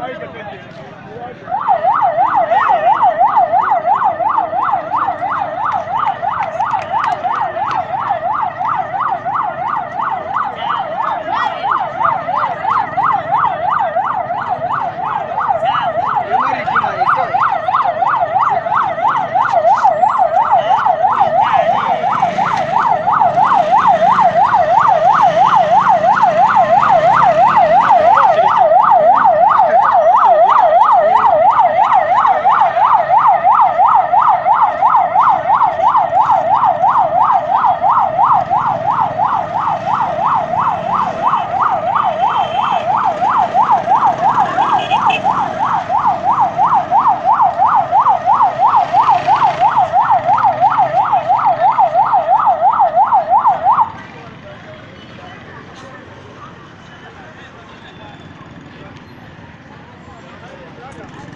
Thank you. Gracias.